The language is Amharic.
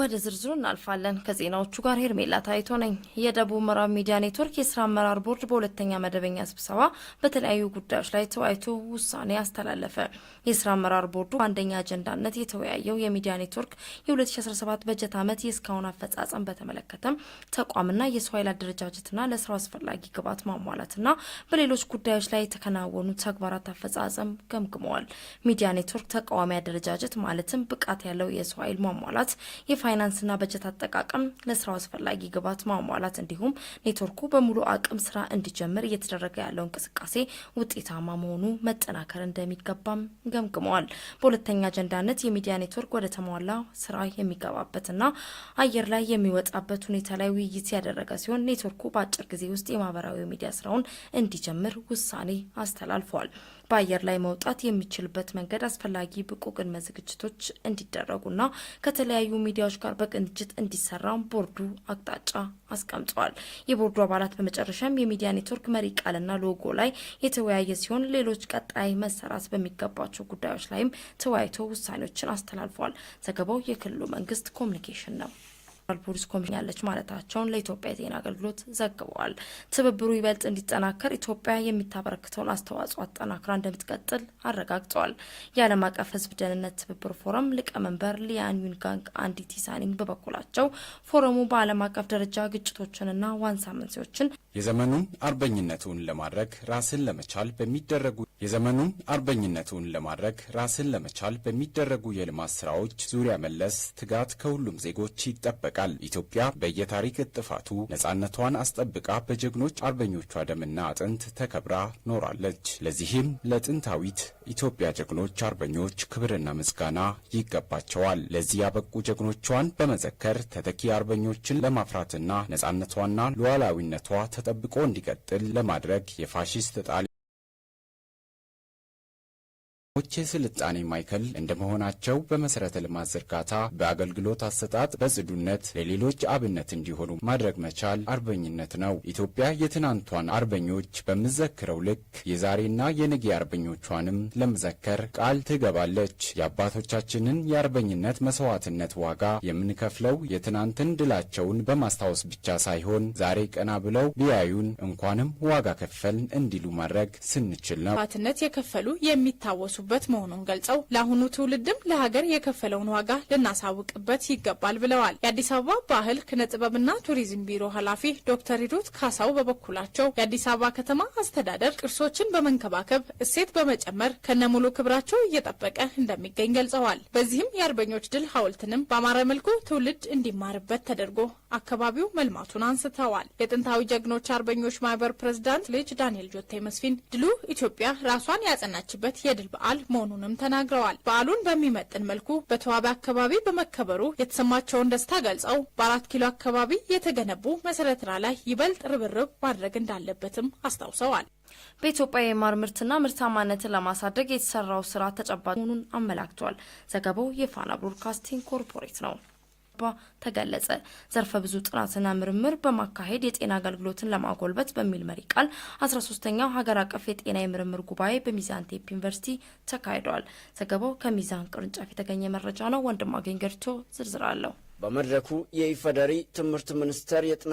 ወደ ዝርዝሩ እናልፋለን። ከዜናዎቹ ጋር ሄርሜላ ታይቶ ነኝ። የደቡብ ምዕራብ ሚዲያ ኔትወርክ የስራ አመራር ቦርድ በሁለተኛ መደበኛ ስብሰባ በተለያዩ ጉዳዮች ላይ ተወያይቶ ውሳኔ አስተላለፈ። የስራ አመራር ቦርዱ በአንደኛ አጀንዳነት የተወያየው የሚዲያ ኔትወርክ የ2017 በጀት ዓመት የእስካሁን አፈጻጸም በተመለከተም ተቋምና የሰው ኃይል አደረጃጀትና ለስራው አስፈላጊ ግብዓት ማሟላትና በሌሎች ጉዳዮች ላይ የተከናወኑ ተግባራት አፈጻጸም ገምግመዋል። ሚዲያ ኔትወርክ ተቃዋሚ አደረጃጀት ማለትም ብቃት ያለው የሰው ኃይል ማሟላት የፋይናንስና በጀት አጠቃቀም ለስራው አስፈላጊ ግብዓት ማሟላት እንዲሁም ኔትወርኩ በሙሉ አቅም ስራ እንዲጀምር እየተደረገ ያለው እንቅስቃሴ ውጤታማ መሆኑ መጠናከር እንደሚገባም ገምግመዋል። በሁለተኛ አጀንዳነት የሚዲያ ኔትወርክ ወደ ተሟላ ስራ የሚገባበትና አየር ላይ የሚወጣበት ሁኔታ ላይ ውይይት ያደረገ ሲሆን ኔትወርኩ በአጭር ጊዜ ውስጥ የማህበራዊ ሚዲያ ስራውን እንዲጀምር ውሳኔ አስተላልፏል። በአየር ላይ መውጣት የሚችልበት መንገድ አስፈላጊ ብቁ ቅድመ ዝግጅቶች እንዲደረጉና ከተለያዩ ሚዲያዎች ጋር በቅንጅት እንዲሰራም ቦርዱ አቅጣጫ አስቀምጠዋል። የቦርዱ አባላት በመጨረሻም የሚዲያ ኔትወርክ መሪ ቃልና ሎጎ ላይ የተወያየ ሲሆን ሌሎች ቀጣይ መሰራት በሚገባቸው ጉዳዮች ላይም ተወያይቶ ውሳኔዎችን አስተላልፏል። ዘገባው የክልሉ መንግስት ኮሚኒኬሽን ነው። ፖሊስ ኮሚሽን ያለች ማለታቸውን ለኢትዮጵያ የጤና አገልግሎት ዘግበዋል። ትብብሩ ይበልጥ እንዲጠናከር ኢትዮጵያ የሚታበረክተውን አስተዋጽኦ አጠናክራ እንደምትቀጥል አረጋግጠዋል። የዓለም አቀፍ ህዝብ ደህንነት ትብብር ፎረም ሊቀመንበር ሊያን ዩንጋንግ አንዲ ሳኒንግ በበኩላቸው ፎረሙ በዓለም አቀፍ ደረጃ ግጭቶችንና ዋንሳ መንስኤዎችን የዘመኑን አርበኝነቱን ለማድረግ ራስን ለመቻል በሚደረጉ የዘመኑን አርበኝነቱን ለማድረግ ራስን ለመቻል በሚደረጉ የልማት ስራዎች ዙሪያ መለስ ትጋት ከሁሉም ዜጎች ይጠበቃል። ኢትዮጵያ በየታሪክ እጥፋቱ ነፃነቷን አስጠብቃ በጀግኖች አርበኞቿ ደምና አጥንት ተከብራ ኖራለች። ለዚህም ለጥንታዊት ኢትዮጵያ ጀግኖች አርበኞች ክብርና ምስጋና ይገባቸዋል። ለዚህ ያበቁ ጀግኖቿን በመዘከር ተተኪ አርበኞችን ለማፍራትና ነፃነቷና ሉዓላዊነቷ ተጠብቆ እንዲቀጥል ለማድረግ የፋሽስት ጣሊያን ሞቼ ስልጣኔ ማዕከል እንደመሆናቸው በመሰረተ ልማት ዝርጋታ፣ በአገልግሎት አሰጣጥ፣ በጽዱነት ለሌሎች አብነት እንዲሆኑ ማድረግ መቻል አርበኝነት ነው። ኢትዮጵያ የትናንቷን አርበኞች በምዘክረው ልክ የዛሬና የነገ አርበኞቿንም ለመዘከር ቃል ትገባለች። የአባቶቻችንን የአርበኝነት መስዋዕትነት ዋጋ የምንከፍለው የትናንትን ድላቸውን በማስታወስ ብቻ ሳይሆን ዛሬ ቀና ብለው ቢያዩን እንኳንም ዋጋ ከፈልን እንዲሉ ማድረግ ስንችል ነው። መስዋዕትነት የከፈሉ የሚታወሱ ያሉበት መሆኑን ገልጸው ለአሁኑ ትውልድም ለሀገር የከፈለውን ዋጋ ልናሳውቅበት ይገባል ብለዋል። የአዲስ አበባ ባህል ክነ ጥበብና ቱሪዝም ቢሮ ኃላፊ ዶክተር ሂዱት ካሳው በበኩላቸው የአዲስ አበባ ከተማ አስተዳደር ቅርሶችን በመንከባከብ እሴት በመጨመር ከነሙሉ ክብራቸው እየጠበቀ እንደሚገኝ ገልጸዋል። በዚህም የአርበኞች ድል ሐውልትንም በአማረ መልኩ ትውልድ እንዲማርበት ተደርጎ አካባቢው መልማቱን አንስተዋል። የጥንታዊ ጀግኖች አርበኞች ማህበር ፕሬዝዳንት ልጅ ዳንኤል ጆቴ መስፊን ድሉ ኢትዮጵያ ራሷን ያጸናችበት የድል በዓል በዓል መሆኑንም ተናግረዋል። በዓሉን በሚመጥን መልኩ በተዋበ አካባቢ በመከበሩ የተሰማቸውን ደስታ ገልጸው በአራት ኪሎ አካባቢ የተገነቡ መሰረት ራ ላይ ይበልጥ ርብርብ ማድረግ እንዳለበትም አስታውሰዋል። በኢትዮጵያ የማር ምርትና ምርታማነትን ለማሳደግ የተሰራው ስራ ተጨባጭ መሆኑን አመላክቷል። ዘገባው የፋና ብሮድካስቲንግ ኮርፖሬት ነው። እንደሚገባ ተገለጸ። ዘርፈ ብዙ ጥናትና ምርምር በማካሄድ የጤና አገልግሎትን ለማጎልበት በሚል መሪ ቃል 13ኛው ሀገር አቀፍ የጤና የምርምር ጉባኤ በሚዛን ቴፕ ዩኒቨርሲቲ ተካሂዷል። ዘገባው ከሚዛን ቅርንጫፍ የተገኘ መረጃ ነው። ወንድማገኝ ገድቶ ዝርዝር አለው። በመድረኩ የኢፌዴሪ ትምህርት ሚኒስቴር የጥና